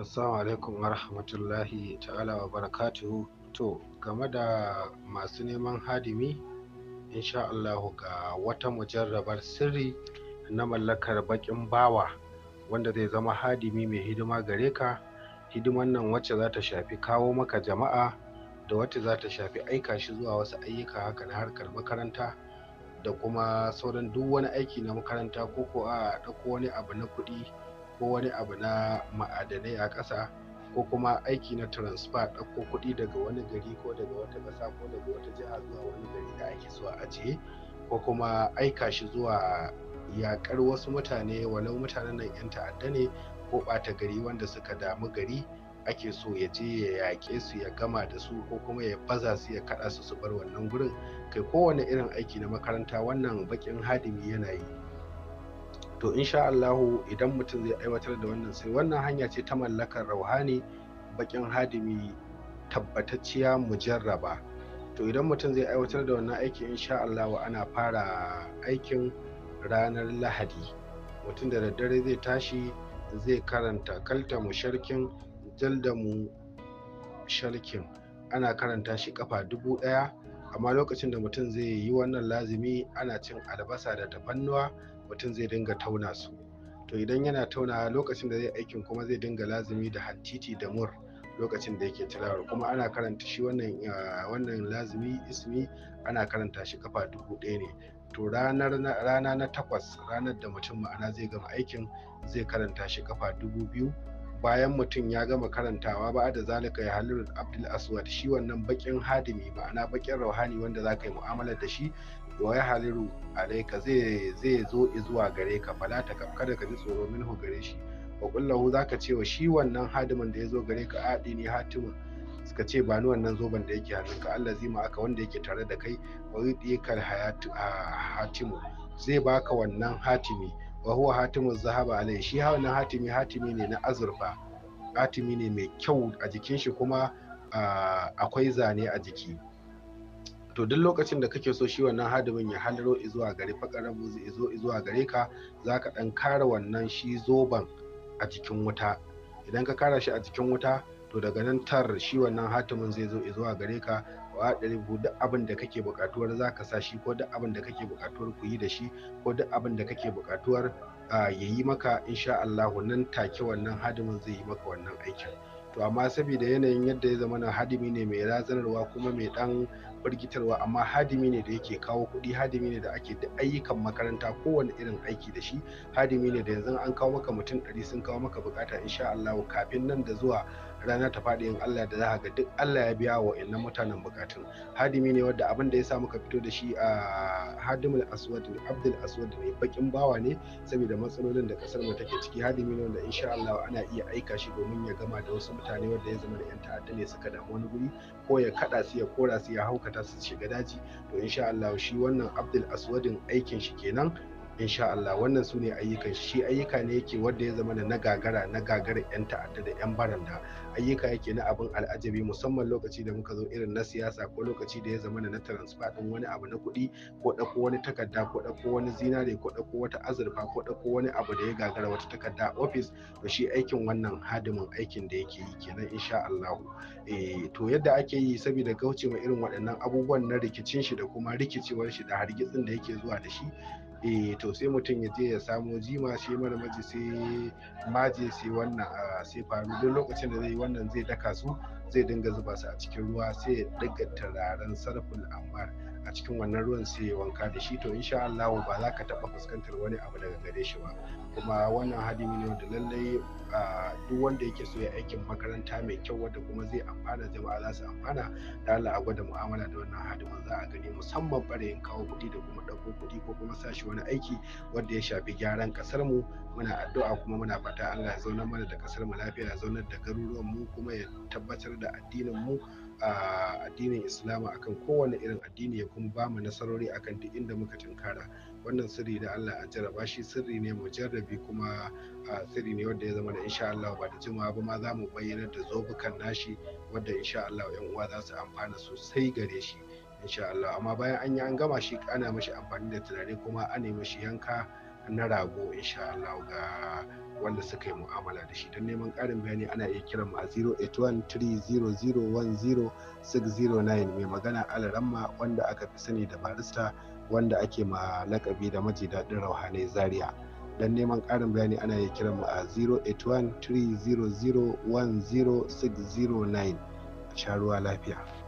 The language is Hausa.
Assalamu alaikum wa rahmatullahi ta'ala wa barakatuhu. To, game da masu neman hadimi, insha Allah ga wata mujarrabar sirri na mallakar bakin bawa wanda zai zama hadimi mai hidima gare ka, hidiman nan wacce za ta shafi kawo maka jama'a da wacce za ta shafi aika shi zuwa wasu ayyuka haka na harkar makaranta da kuma sauran duk wani aiki na makaranta ko ko a ɗauko wani abu na kuɗi. ko wani abu na ma'adanai a ƙasa ko kuma aiki na transfer ɗauko kuɗi daga wani gari ko daga wata ƙasa ko daga wata jiha zuwa wani gari da ake so a ajiye ko kuma aika shi zuwa yaƙar wasu mutane walau mutanen nan 'yan ta'adda ne ko ɓata gari wanda suka damu gari ake so ya je ya yaƙe su ya gama da su ko kuma ya baza su ya kaɗa su su bar wannan gurin kai kowane irin aiki na makaranta wannan baƙin hadimi yana yi to insha Allahu idan mutum zai aiwatar da wannan sai wannan hanya ce ta mallakar rauhani bakin hadimi tabbatacciya mujarraba to idan mutum zai aiwatar da wannan aiki insha Allahu ana fara aikin ranar lahadi mutum da daddare zai tashi zai karanta kaltamu sharkin jaldamu sharkin ana karanta shi kafa dubu ɗaya amma lokacin da mutum zai yi wannan lazimi ana cin albasa da tafannuwa mutum zai dinga tauna su to idan yana tauna lokacin da zai aikin kuma zai dinga lazumi da hantiti da mur lokacin da yake tilawar kuma ana karanta shi wannan wannan lazumi ismi ana karanta shi kafa dubu ɗaya ne to ranar rana na takwas ranar da mutum ma'ana zai gama aikin zai karanta shi kafa dubu biyu bayan mutum ya gama karantawa ba da zalika ya halilu abdul aswad shi wannan bakin hadimi ma'ana bakin rauhani wanda za ka yi mu'amala da shi wa ya haliru alaika zai zai zo zuwa gare ka fala ta kada ka ji tsoro minhu gare shi wa kullahu za ka cewa shi wannan hadimin da ya zo gare ka aɗi ne hatimin suka ce ba ni wannan zoben da yake hannun ka. allah zima aka wanda yake tare da kai wa yi ɗikar hatimu zai baka wannan hatimi wa huwa hatimu zahaba alai shi wannan hatimi hatimi ne na azurfa hatimi ne mai kyau a jikin shi kuma akwai zane a jiki to duk lokacin da kake so shi wannan hadimin ya halaro zuwa gare izo zuwa gare ka za ka ɗan kara wannan shi zoban a jikin wuta idan ka kara shi a jikin wuta to daga nan tar shi wannan hatimin zai zo zuwa gare ka wa ɗalibu duk abin da kake buƙatuwar za ka sa shi ko duk abin da kake buƙatuwar ku yi da shi ko duk abin da kake buƙatuwar ya yi maka insha nan take wannan hadimin zai yi maka wannan aikin to amma saboda yanayin yadda ya zama hadimi ne mai razanarwa kuma mai dan firgitarwa amma hadimi ne da yake kawo kuɗi hadimi ne da ake da ayyukan makaranta kowane irin aiki da shi hadimi ne da yanzu an kawo maka mutum ɗari sun kawo maka bukata insha Allah kafin nan da zuwa rana ta faɗi in Allah da za ga duk Allah ya biya wa innan mutanen bukatun hadimi ne wadda abin da ya samu ka fito da shi a hadimul aswad abdul aswad ne bakin bawa ne saboda matsalolin da kasar mu take ciki hadimi ne wanda insha Allah ana iya aika shi domin ya gama da wasu mutane wanda ya zama da yan ta'adda ne suka damu wani guri ko ya kada su ya kora su ya haukata su shiga daji to insha Allah shi wannan abdul aswadin aikin shi kenan insha Allah wannan su ne ayyukan shi ayyuka ne yake wanda ya zama na gagara na gagara yan ta'adda da yan baranda ayyuka yake na abin al'ajabi musamman lokaci da muka zo irin na siyasa ko lokaci da ya zama na transfer din wani abu na kuɗi ko ɗauko wani takarda ko ɗauko wani zinare ko ɗauko wata azurfa ko ɗauko wani abu da ya gagara wata takarda office to shi aikin wannan hadimin aikin da yake yi kenan insha Allah eh, to yadda ake yi saboda kauce wa irin waɗannan abubuwan na rikicin shi da kuma rikicewar shi da hargitsin da yake zuwa da shi eh to sai mutum ya je ya samo jima shi mara maji sai maje sai wannan sai faru duk lokacin da zai yi wannan zai daka su zai dinga zuba su a cikin ruwa sai ya daga turaren sarfin amma. a cikin wannan ruwan sai wanka da shi to insha Allah ba za ka taba fuskantar wani abu daga gare shi ba kuma wannan hadimi ne da lallai duk wanda yake so ya aikin makaranta mai kyau wanda kuma zai amfana jama'a za su amfana da Allah a gwada mu'amala da wannan hadimin za a gani musamman ɓarayin kawo kuɗi da kuma ɗauko kuɗi ko kuma sa shi wani aiki wanda ya shafi gyaran ƙasar mu muna addu'a kuma muna fata Allah ya zaunar mana da ƙasar mu lafiya ya zaunar da garuruwan mu kuma ya tabbatar da addinin mu a addinin islamu akan kowane irin addini ya kuma ba mu nasarori akan duk inda muka tunkara wannan sirri da Allah a jarraba shi sirri ne mu jarrabi kuma sirri ne wanda ya zama da insha Allah ba da jimawa ba ma za mu bayyana da zobukan nashi wanda insha Allah yan uwa za su amfana sosai gare shi insha Allah amma bayan an yi an gama shi ana mashi amfani da tunani kuma an nemi shi yanka na rago insha Allah ga wanda suka yi mu'amala da shi don neman ƙarin bayani ana iya kiran mu a 08130010609 mai magana alaramma wanda aka fi sani da barista wanda ake ma lakabi da maji daɗin rauhane zaria don neman ƙarin bayani ana iya kiran mu a 08130010609 a sha ruwa lafiya